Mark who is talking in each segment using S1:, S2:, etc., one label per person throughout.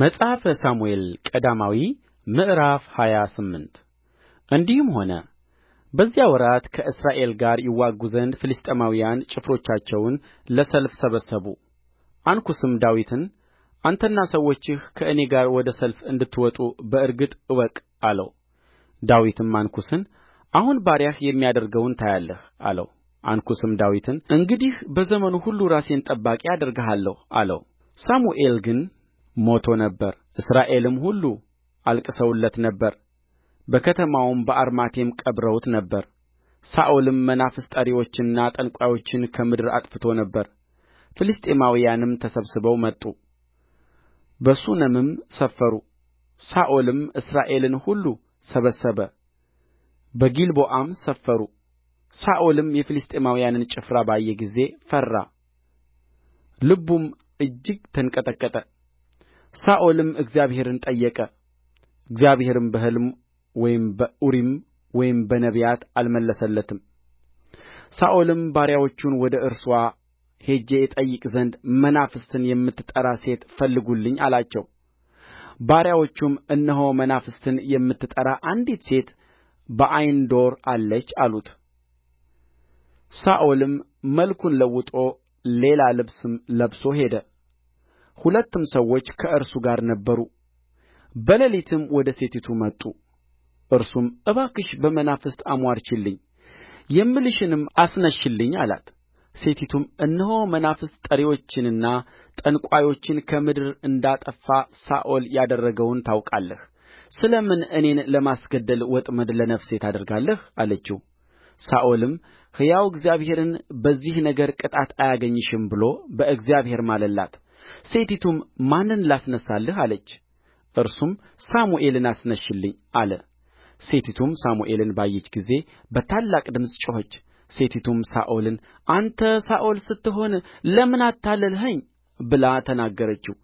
S1: መጽሐፈ ሳሙኤል ቀዳማዊ ምዕራፍ ሃያ ስምንት እንዲህም ሆነ በዚያ ወራት ከእስራኤል ጋር ይዋጉ ዘንድ ፍልስጥኤማውያን ጭፍሮቻቸውን ለሰልፍ ሰበሰቡ። አንኩስም ዳዊትን አንተና ሰዎችህ ከእኔ ጋር ወደ ሰልፍ እንድትወጡ በእርግጥ እወቅ አለው። ዳዊትም አንኩስን አሁን ባሪያህ የሚያደርገውን ታያለህ አለው። አንኩስም ዳዊትን እንግዲህ በዘመኑ ሁሉ ራሴን ጠባቂ አደርግሃለሁ አለው። ሳሙኤል ግን ሞቶ ነበር እስራኤልም ሁሉ አልቅሰውለት ነበር በከተማውም በአርማቴም ቀብረውት ነበር ሳኦልም መናፍስት ጠሪዎችንና ጠንቋዮችን ከምድር አጥፍቶ ነበር ፍልስጥኤማውያንም ተሰብስበው መጡ በሱነምም ሰፈሩ ሳኦልም እስራኤልን ሁሉ ሰበሰበ በጊልቦዓም ሰፈሩ ሳኦልም የፍልስጥኤማውያንን ጭፍራ ባየ ጊዜ ፈራ ልቡም እጅግ ተንቀጠቀጠ ሳኦልም እግዚአብሔርን ጠየቀ እግዚአብሔርም በሕልም ወይም በኡሪም ወይም በነቢያት አልመለሰለትም ሳኦልም ባሪያዎቹን ወደ እርስዋ ሄጄ እጠይቅ ዘንድ መናፍስትን የምትጠራ ሴት ፈልጉልኝ አላቸው ባሪያዎቹም እነሆ መናፍስትን የምትጠራ አንዲት ሴት በዓይንዶር አለች አሉት ሳኦልም መልኩን ለውጦ ሌላ ልብስም ለብሶ ሄደ ሁለትም ሰዎች ከእርሱ ጋር ነበሩ በሌሊትም ወደ ሴቲቱ መጡ እርሱም እባክሽ በመናፍስት አምዋርቺልኝ የምልሽንም አስነሽልኝ አላት ሴቲቱም እነሆ መናፍስት ጠሪዎችንና ጠንቋዮችን ከምድር እንዳጠፋ ሳኦል ያደረገውን ታውቃለህ ስለ ምን እኔን ለማስገደል ወጥመድ ለነፍሴ ታደርጋለህ አለችው ሳኦልም ሕያው እግዚአብሔርን በዚህ ነገር ቅጣት አያገኝሽም ብሎ በእግዚአብሔር ማለላት ሴቲቱም ማንን ላስነሣልህ አለች እርሱም ሳሙኤልን አስነሽልኝ አለ ሴቲቱም ሳሙኤልን ባየች ጊዜ በታላቅ ድምፅ ጮኸች ሴቲቱም ሳኦልን አንተ ሳኦል ስትሆን ለምን አታለልኸኝ ብላ ተናገረችው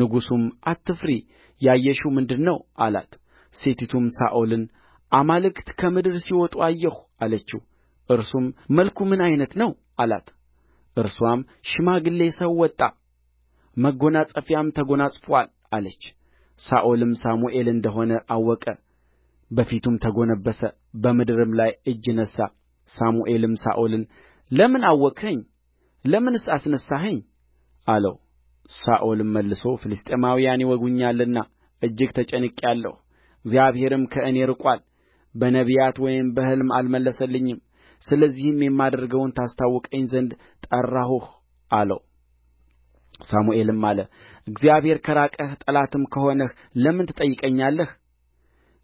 S1: ንጉሡም አትፍሪ ያየሽው ምንድር ነው አላት ሴቲቱም ሳኦልን አማልክት ከምድር ሲወጡ አየሁ አለችው እርሱም መልኩ ምን ዓይነት ነው አላት እርስዋም ሽማግሌ ሰው ወጣ መጐናጸፊያም ተጐናጽፎአል አለች ሳኦልም ሳሙኤል እንደ ሆነ አወቀ በፊቱም ተጐነበሰ በምድርም ላይ እጅ ነሣ ሳሙኤልም ሳኦልን ለምን አወክኸኝ ለምንስ አስነሣኸኝ አለው ሳኦልም መልሶ ፍልስጥኤማውያን ይወጉኛልና እጅግ ተጨንቄአለሁ እግዚአብሔርም ከእኔ ርቆአል በነቢያት ወይም በሕልም አልመለሰልኝም ስለዚህም የማደርገውን ታስታውቀኝ ዘንድ ጠራሁህ አለው ሳሙኤልም አለ እግዚአብሔር ከራቀህ ጠላትም ከሆነህ ለምን ትጠይቀኛለህ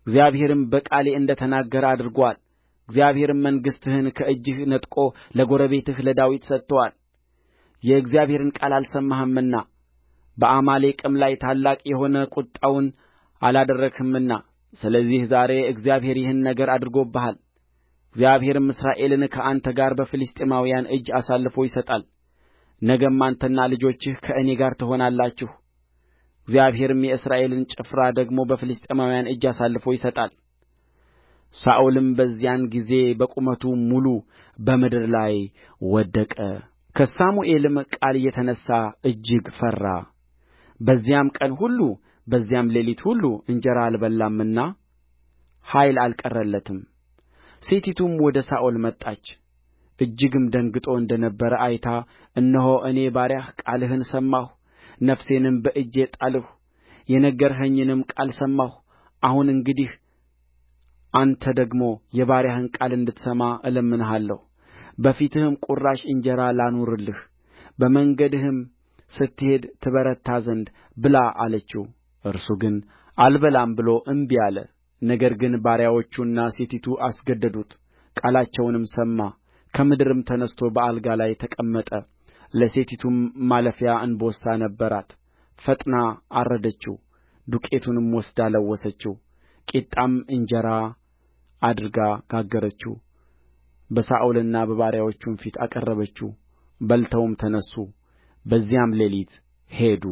S1: እግዚአብሔርም በቃሌ እንደ ተናገረ አድርጎአል እግዚአብሔርም መንግሥትህን ከእጅህ ነጥቆ ለጎረቤትህ ለዳዊት ሰጥቶአል። የእግዚአብሔርን ቃል አልሰማህምና በአማሌቅም ላይ ታላቅ የሆነ ቍጣውን አላደረግህምና ስለዚህ ዛሬ እግዚአብሔር ይህን ነገር አድርጎብሃል እግዚአብሔርም እስራኤልን ከአንተ ጋር በፍልስጥኤማውያን እጅ አሳልፎ ይሰጣል ነገም አንተና ልጆችህ ከእኔ ጋር ትሆናላችሁ እግዚአብሔርም የእስራኤልን ጭፍራ ደግሞ በፍልስጥኤማውያን እጅ አሳልፎ ይሰጣል ሳኦልም በዚያን ጊዜ በቁመቱ ሙሉ በምድር ላይ ወደቀ ከሳሙኤልም ቃል የተነሣ እጅግ ፈራ በዚያም ቀን ሁሉ በዚያም ሌሊት ሁሉ እንጀራ አልበላምና ኃይል አልቀረለትም ሴቲቱም ወደ ሳኦል መጣች እጅግም ደንግጦ እንደ ነበረ አይታ እነሆ እኔ ባሪያህ ቃልህን ሰማሁ ነፍሴንም በእጄ ጣልሁ የነገርኸኝንም ቃል ሰማሁ አሁን እንግዲህ አንተ ደግሞ የባሪያህን ቃል እንድትሰማ እለምንሃለሁ በፊትህም ቍራሽ እንጀራ ላኑርልህ በመንገድህም ስትሄድ ትበረታ ዘንድ ብላ አለችው እርሱ ግን አልበላም ብሎ እንቢ አለ ነገር ግን ባሪያዎቹና ሴቲቱ አስገደዱት ቃላቸውንም ሰማ ከምድርም ተነሥቶ በአልጋ ላይ ተቀመጠ ለሴቲቱም ማለፊያ እንቦሳ ነበራት ፈጥና አረደችው ዱቄቱንም ወስዳ ለወሰችው ቂጣም እንጀራ አድርጋ ጋገረችው በሳኦልና በባሪያዎቹም ፊት አቀረበችው በልተውም ተነሡ በዚያም ሌሊት ሄዱ